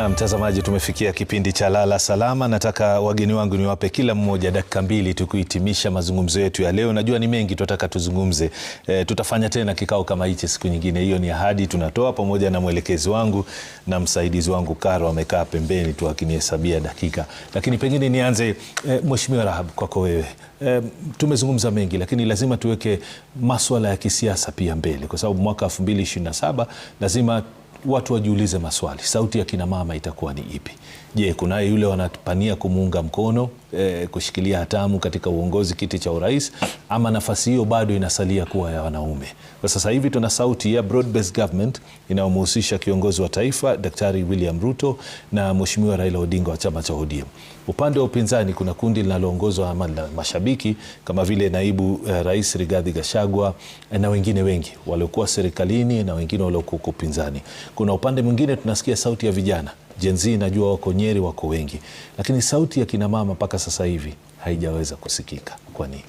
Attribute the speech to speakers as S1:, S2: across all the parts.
S1: Na mtazamaji, tumefikia kipindi cha Lala Salama. Nataka wageni wangu niwape kila mmoja dakika mbili tukuhitimisha mazungumzo yetu ya leo. Najua ni mengi tunataka tuzungumze. E, tutafanya tena kikao kama hichi siku nyingine. Hiyo ni ahadi tunatoa, pamoja na mwelekezi wangu na msaidizi wangu Karo amekaa pembeni tu akinihesabia dakika, lakini pengine nianze e, Mheshimiwa Rahab, kwako wewe. E, tumezungumza mengi, lakini lazima tuweke maswala ya kisiasa pia mbele, kwa sababu mwaka 2027 lazima watu wajiulize maswali, sauti ya kinamama itakuwa ni ipi? Je, kunaye yule wanapania kumuunga mkono e, kushikilia hatamu katika uongozi kiti cha urais ama nafasi hiyo bado inasalia kuwa ya wanaume? Kwa sasa hivi tuna sauti ya broad based government inayomhusisha kiongozi wa taifa Daktari William Ruto na Mheshimiwa Raila Odinga wa chama cha ODM. Upande wa upinzani kuna kundi linaloongozwa ama na mashabiki kama vile naibu eh, rais Rigathi Gachagua eh, na wengine wengi waliokuwa serikalini na wengine waliokuwa upinzani. Kuna upande mwingine tunasikia sauti ya vijana Gen Z najua wako Nyeri, wako wengi, lakini sauti ya kinamama mpaka sasa hivi haijaweza kusikika. Kwa nini?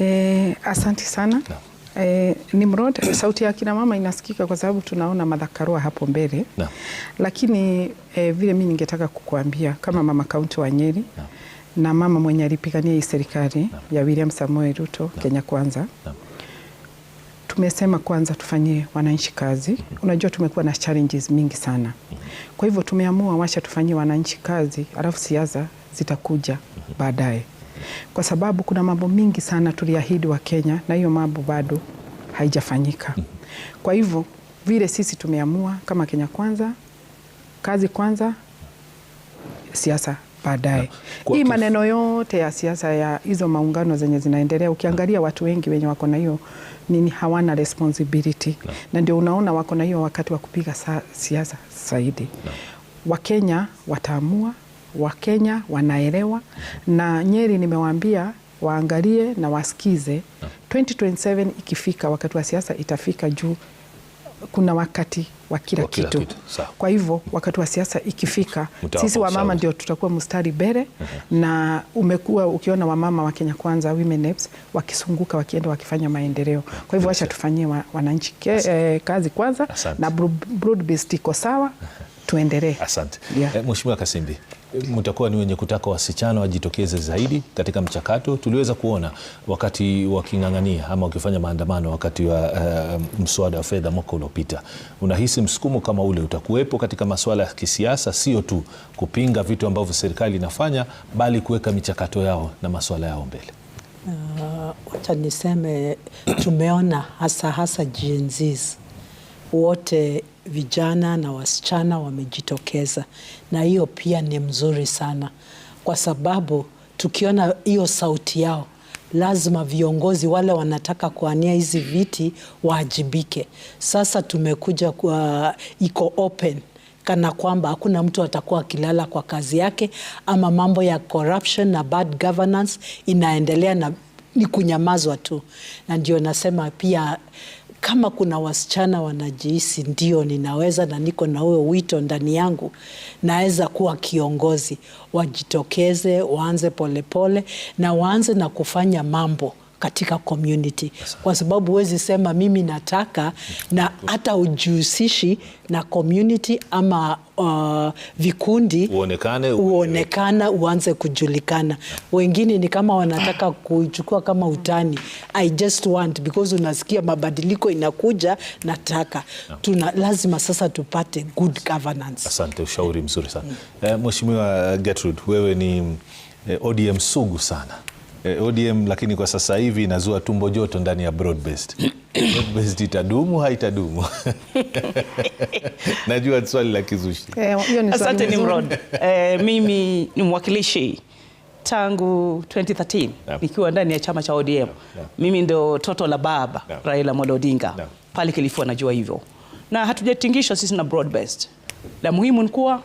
S2: E, eh, asanti sana na. E, eh, Nimrod, eh, sauti ya kina mama inasikika kwa sababu tunaona madhakarua hapo mbele na. Lakini e, vile mi ningetaka kukuambia kama mama kaunti wa Nyeri na, na mama mwenye alipigania hii serikali ya William Samoei Ruto na. Kenya Kwanza na tumesema kwanza tufanyie wananchi kazi. Unajua tumekuwa na challenges mingi sana, kwa hivyo tumeamua wacha tufanyie wananchi kazi, alafu siasa zitakuja baadaye, kwa sababu kuna mambo mingi sana tuliahidi wa Kenya na hiyo mambo bado haijafanyika. Kwa hivyo vile sisi tumeamua kama Kenya kwanza, kazi kwanza, siasa baadaye. Hii maneno yote ya siasa ya hizo maungano zenye zinaendelea, ukiangalia watu wengi wenye wako na hiyo nini hawana responsibility na, na ndio unaona wako na hiyo wakati wa kupiga siasa zaidi. Wakenya wataamua, Wakenya wanaelewa na Nyeri nimewaambia waangalie na wasikize 2027 ikifika, wakati wa siasa itafika juu kuna wakati wa kila kitu, kitu. Kwa hivyo wakati wa siasa ikifika Mutawapa, sisi wamama ndio tutakuwa mstari mbele uh -huh. Na umekuwa ukiona wamama wa Kenya Kwanza Women Apps wakisunguka wakienda wakifanya maendeleo. Ah, Kwa hivyo wacha tufanyie wa, wananchi eh, kazi kwanza Asante. Na broad based iko sawa uh -huh. Tuendelee.
S1: Asante yeah. Eh, Mheshimiwa Kasimbi mtakuwa ni wenye kutaka wasichana wajitokeze zaidi katika mchakato. Tuliweza kuona wakati waking'ang'ania ama wakifanya maandamano wakati wa uh, mswada wa fedha mwaka uliopita. Unahisi msukumo kama ule utakuwepo katika masuala ya kisiasa, sio tu kupinga vitu ambavyo serikali inafanya, bali kuweka michakato yao na masuala yao mbele?
S3: Ah, wacha niseme tumeona hasa hasa Gen wote vijana na wasichana wamejitokeza, na hiyo pia ni mzuri sana, kwa sababu tukiona hiyo sauti yao, lazima viongozi wale wanataka kuania hizi viti waajibike. Sasa tumekuja kwa uh, iko open kana kwamba hakuna mtu atakuwa akilala kwa kazi yake, ama mambo ya corruption na bad governance inaendelea na ni kunyamazwa tu, na ndio nasema pia kama kuna wasichana wanajihisi ndio ninaweza na niko na huyo wito ndani yangu, naweza kuwa kiongozi, wajitokeze, waanze polepole pole, na waanze na kufanya mambo katika community, kwa sababu huwezi sema mimi nataka na hata ujihusishi na community ama uh, vikundi
S1: uonekane,
S3: uonekana uanze kujulikana. Wengine ni kama wanataka kuchukua kama utani, I just want because unasikia mabadiliko inakuja, nataka tuna lazima sasa tupate good governance.
S1: Asante, ushauri mzuri sana mm. Eh, Mheshimiwa Gertrude, wewe ni eh, ODM sugu sana eh, ODM lakini kwa sasa hivi inazua tumbo joto ndani ya broad based. Broad based itadumu haitadumu? Najua swali la kizushi. Eh,
S4: Asante Nimrod. Eh, mimi ni mwakilishi tangu 2013 yeah. nikiwa ndani ya chama cha ODM yeah. Yeah. mimi ndo toto la baba yeah. Raila Amolo Odinga yeah. pale Kilifi najua hivyo, na hatujatingishwa sisi na broad based. La muhimu ni kuwa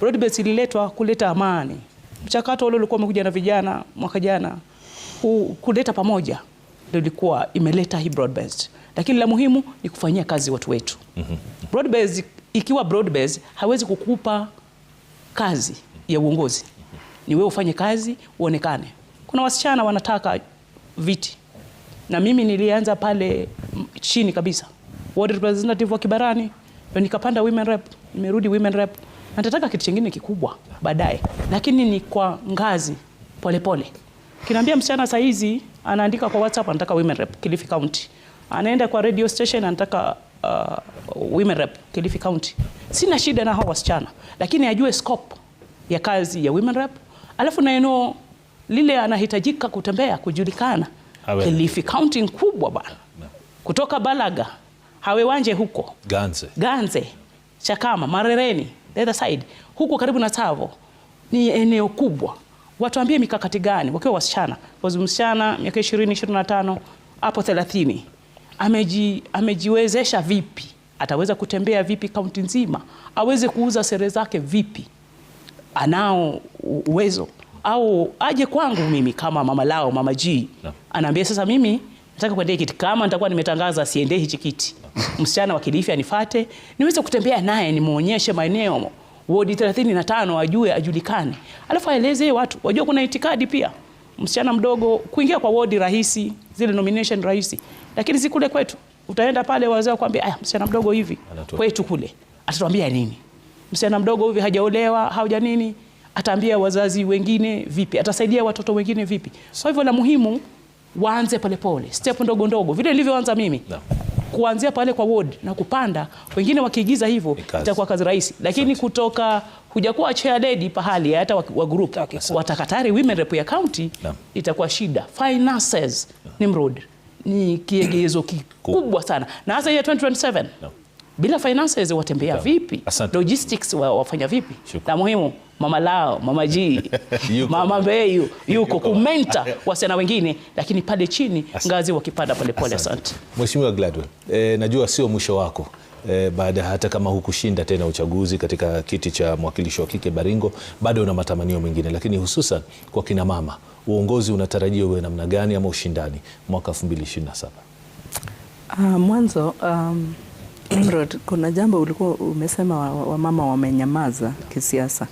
S4: broad based ililetwa kuleta amani. Mchakato ule ulikuwa umekuja na vijana mwaka jana ku, kuleta pamoja ndio ilikuwa imeleta hii broad based, lakini la muhimu ni kufanyia kazi watu wetu. Mhm. Broad based, ikiwa broad based hawezi kukupa kazi ya uongozi, ni wewe ufanye kazi uonekane. Kuna wasichana wanataka viti, na mimi nilianza pale chini kabisa, ward representative wa Kibarani, ndio nikapanda women rep, nimerudi women rep. Natataka kitu kingine kikubwa baadaye, lakini ni kwa ngazi polepole pole. Kinaambia msichana saa hizi anaandika kwa WhatsApp anataka women rep Kilifi County. Anaenda kwa radio station anataka uh, women rep Kilifi County. Sina shida na hao wasichana, lakini ajue scope ya kazi ya women rep. Alafu na eneo lile anahitajika kutembea kujulikana. Awe. Kilifi County kubwa bana. Kutoka Balaga, Hawewanje huko. Ganze. Ganze. Chakama, Marereni, the other side. Huko karibu na Tsavo. Ni eneo kubwa watuambie mikakati gani wakiwa wasichana, kwa msichana miaka 20, 25 hapo 30 ameji, amejiwezesha vipi? Ataweza kutembea vipi kaunti nzima? Aweze kuuza sere zake vipi? Anao uwezo au aje kwangu mimi kama mama lao mama ji no. Anaambia sasa, mimi nataka kuendea kiti, kama nitakuwa nimetangaza siendee hichi kiti no. Msichana wa Kilifi anifate niweze kutembea naye, nimuonyeshe maeneo wodi 35 ajue, ajulikane, alafu aeleze watu wajue kuna itikadi pia. Msichana mdogo kuingia kwa wodi rahisi, zile nomination rahisi, lakini si kule kwetu. Utaenda pale wazee wakwambia, aya, msichana mdogo hivi kwetu kule, atatuambia nini? Msichana mdogo hivi hajaolewa, hauja nini, ataambia wazazi wengine vipi? Atasaidia watoto wengine vipi? Kwa so, hivyo la muhimu waanze polepole, step ndogo ndogo, vile nilivyoanza mimi no kuanzia pale kwa ward na kupanda, wengine wakiigiza hivyo itakuwa kazi rahisi, lakini Sante. kutoka hujakuwa chair lady pahali hata wa, group watakatari women rep ya county itakuwa shida. Finances mrod ni kiegezo kikubwa sana, na hasa ya 2027 na. bila finances watembea vipi? Asante. Logistics wafanya vipi? Shukur. la muhimu mama lao, mama ji mama Mbeyu yuko kumenta wasichana wengine, lakini pale chini ngazi wakipanda polepole. Asante
S1: Mheshimiwa Gladwell, e, najua sio mwisho wako E, baada hata kama hukushinda tena uchaguzi katika kiti cha mwakilishi wa kike Baringo, bado una matamanio mengine, lakini hususan kwa kina mama, uongozi unatarajia uwe namna gani ama ushindani mwaka 2027? Uh,
S5: ah, mwanzo um, Nimrod, kuna jambo ulikuwa umesema wamama wa wamenyamaza kisiasa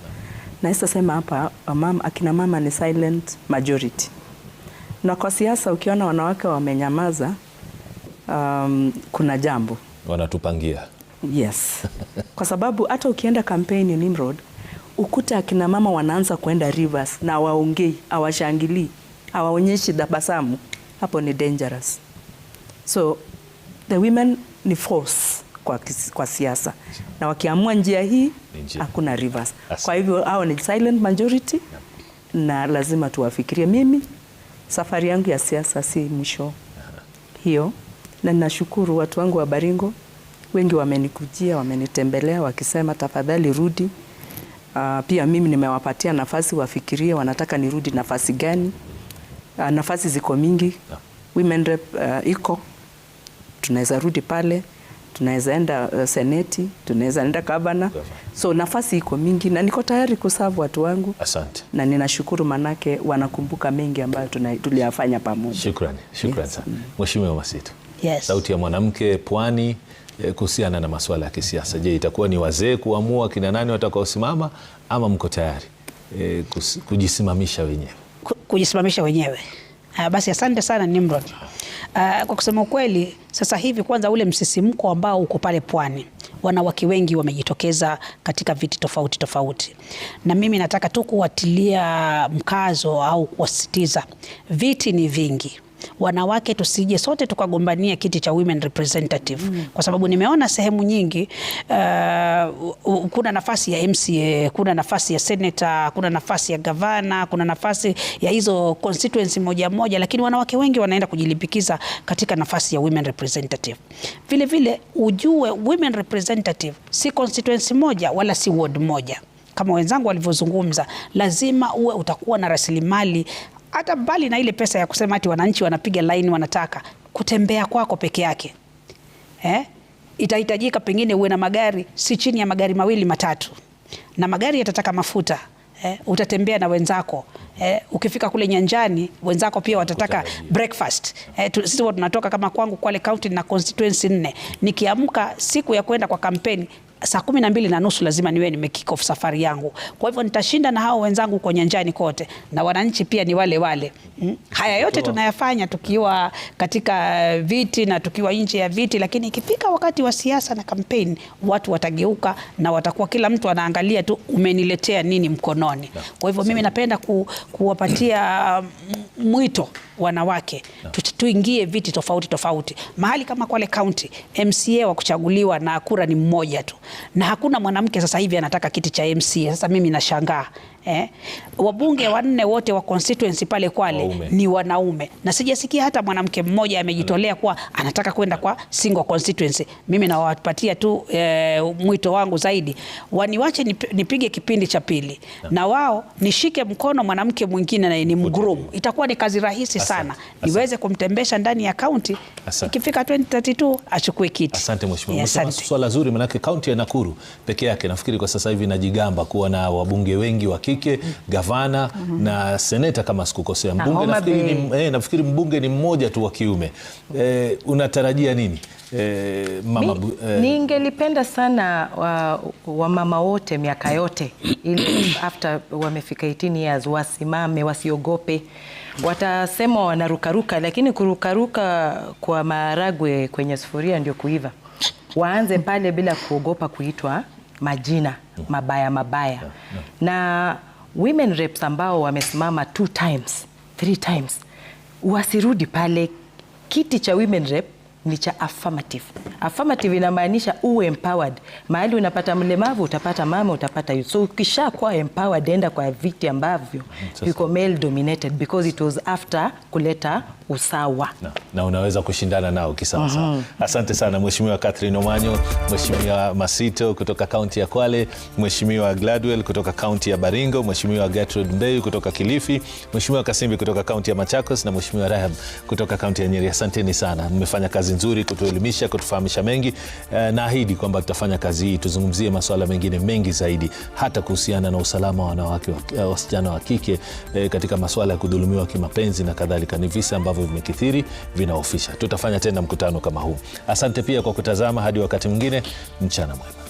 S5: Naweza sema hapa mama, akina mama ni silent majority, na kwa siasa ukiona wanawake wamenyamaza, um, kuna jambo
S1: wanatupangia.
S5: Yes, kwa sababu hata ukienda kampeni Nimrod ukuta akina mama wanaanza kwenda rivers na waongei, awashangilii awaonyeshi tabasamu, hapo ni dangerous. So the women ni force kwa, kwa siasa na wakiamua njia hii hakuna reverse. Kwa hivyo hao ni silent majority na lazima tuwafikirie. Mimi safari yangu ya siasa si mwisho hiyo, na ninashukuru watu wangu wa Baringo wengi wamenikujia, wamenitembelea wakisema tafadhali rudi. Uh, pia mimi nimewapatia nafasi wafikirie wanataka nirudi nafasi gani. Uh, nafasi ziko mingi, women rep uh, iko tunaweza rudi pale tunaweza enda uh, seneti, tunaweza enda kabana. So nafasi iko mingi na niko tayari kusavu watu wangu. Asante. Na ninashukuru manake wanakumbuka mengi ambayo tuliyafanya pamoja.
S1: Shukrani, shukrani sana. Mheshimiwa Masitu. Yes. Sauti ya mwanamke Pwani eh, kuhusiana na masuala ya kisiasa. Je, itakuwa ni wazee kuamua kina nani watakaosimama ama mko tayari e, kujisimamisha wenyewe?
S6: Kujisimamisha wenyewe. Uh, basi asante sana Nimrod. Uh, kwa kusema ukweli sasa hivi kwanza ule msisimko ambao uko pale pwani, wanawake wengi wamejitokeza katika viti tofauti tofauti, na mimi nataka tu kuwatilia mkazo au kuwasisitiza, viti ni vingi wanawake tusije sote tukagombania kiti cha women representative mm. Kwa sababu nimeona sehemu nyingi uh, kuna nafasi ya MCA, kuna nafasi ya senator, kuna nafasi ya gavana, kuna nafasi ya hizo constituency moja moja, lakini wanawake wengi wanaenda kujilipikiza katika nafasi ya women representative. Vile vile ujue women representative si constituency moja wala si ward moja kama wenzangu walivyozungumza, lazima uwe utakuwa na rasilimali hata mbali na ile pesa ya kusema ati wananchi wanapiga laini wanataka kutembea kwako peke yake eh? Itahitajika pengine uwe na magari si chini ya magari mawili matatu, na magari yatataka mafuta eh? Utatembea na wenzako eh? Ukifika kule nyanjani wenzako pia watataka breakfast eh? Sisi tunatoka kama kwangu Kwale County na constituency nne, nikiamka siku ya kwenda kwa kampeni saa kumi na mbili na nusu lazima niwe nime kick off safari yangu. Kwa hivyo nitashinda na hao wenzangu kwa nyanjani kote, na wananchi pia ni wale wale. Hmm. Haya yote tunayafanya tukiwa katika viti na tukiwa nje ya viti, lakini ikifika wakati wa siasa na kampeni, watu watageuka na watakuwa kila mtu anaangalia tu umeniletea nini mkononi. Kwa hivyo mimi napenda ku, kuwapatia mm, mwito wanawake no. Tuingie viti tofauti tofauti mahali kama Kwale County, MCA wa kuchaguliwa na kura ni mmoja tu, na hakuna mwanamke sasa hivi anataka kiti cha MCA. Sasa mimi nashangaa eh. Wabunge wanne wote wa constituency pale Kwale Waume. ni wanaume na sijasikia hata mwanamke mmoja amejitolea kuwa anataka kwenda kwa single constituency. Mimi nawapatia tu eh, mwito wangu zaidi waniwache nipige kipindi cha pili no. na wao nishike mkono mwanamke mwingine na ni mgroom itakuwa ni kazi rahisi sana niweze kumtembesha ndani ya kaunti, ikifika 2032 achukue kiti.
S1: Asante mheshimiwa. Swala zuri, manake kaunti ya Nakuru peke yake nafikiri kwa sasa hivi inajigamba kuwa na wabunge wengi wa kike, gavana mm -hmm. na seneta kama sikukosea, mbunge nafikiri, ni, eh, nafikiri mbunge ni mmoja tu wa kiume eh, unatarajia nini E, mama,
S5: eh, ningelipenda sana wamama wa wote miaka yote ili after wamefika 18 years wasimame, wasiogope. Watasema wanarukaruka, lakini kurukaruka kwa maharagwe kwenye sufuria ndio kuiva. Waanze pale bila kuogopa kuitwa majina mabaya mabaya, na women reps ambao wamesimama two times, three times wasirudi pale kiti cha women rep ni cha affirmative. Affirmative inamaanisha uwe empowered. Mahali unapata mlemavu utapata mama, utapata youth. So ukisha kuwa empowered, enda kwa viti ambavyo viko male dominated because it was after kuleta usawa na,
S1: na unaweza kushindana nao kisawasawa. mm -hmm. Asante sana Mheshimiwa Catherine Omanyo, Mheshimiwa Masito kutoka kaunti ya Kwale, Mheshimiwa Gladwell kutoka kaunti ya Baringo, Mheshimiwa Gertrude Mbeyu kutoka Kilifi, Mheshimiwa Kasimbi kutoka kaunti ya Machakos na Mheshimiwa Rahab kutoka kaunti ya Nyeri. Asanteni sana, mmefanya kazi nzuri kutuelimisha, kutufahamisha mengi. Eh, naahidi kwamba tutafanya kazi hii tuzungumzie masuala mengine mengi zaidi, hata kuhusiana na usalama wa wanawake, eh, wasichana wa kike e, katika masuala ya kudhulumiwa kimapenzi na kadhalika. Ni visa ambavyo ambavyo vimekithiri vinaofisha. Tutafanya tena mkutano kama huu. Asante pia kwa kutazama. Hadi wakati mwingine, mchana mwema.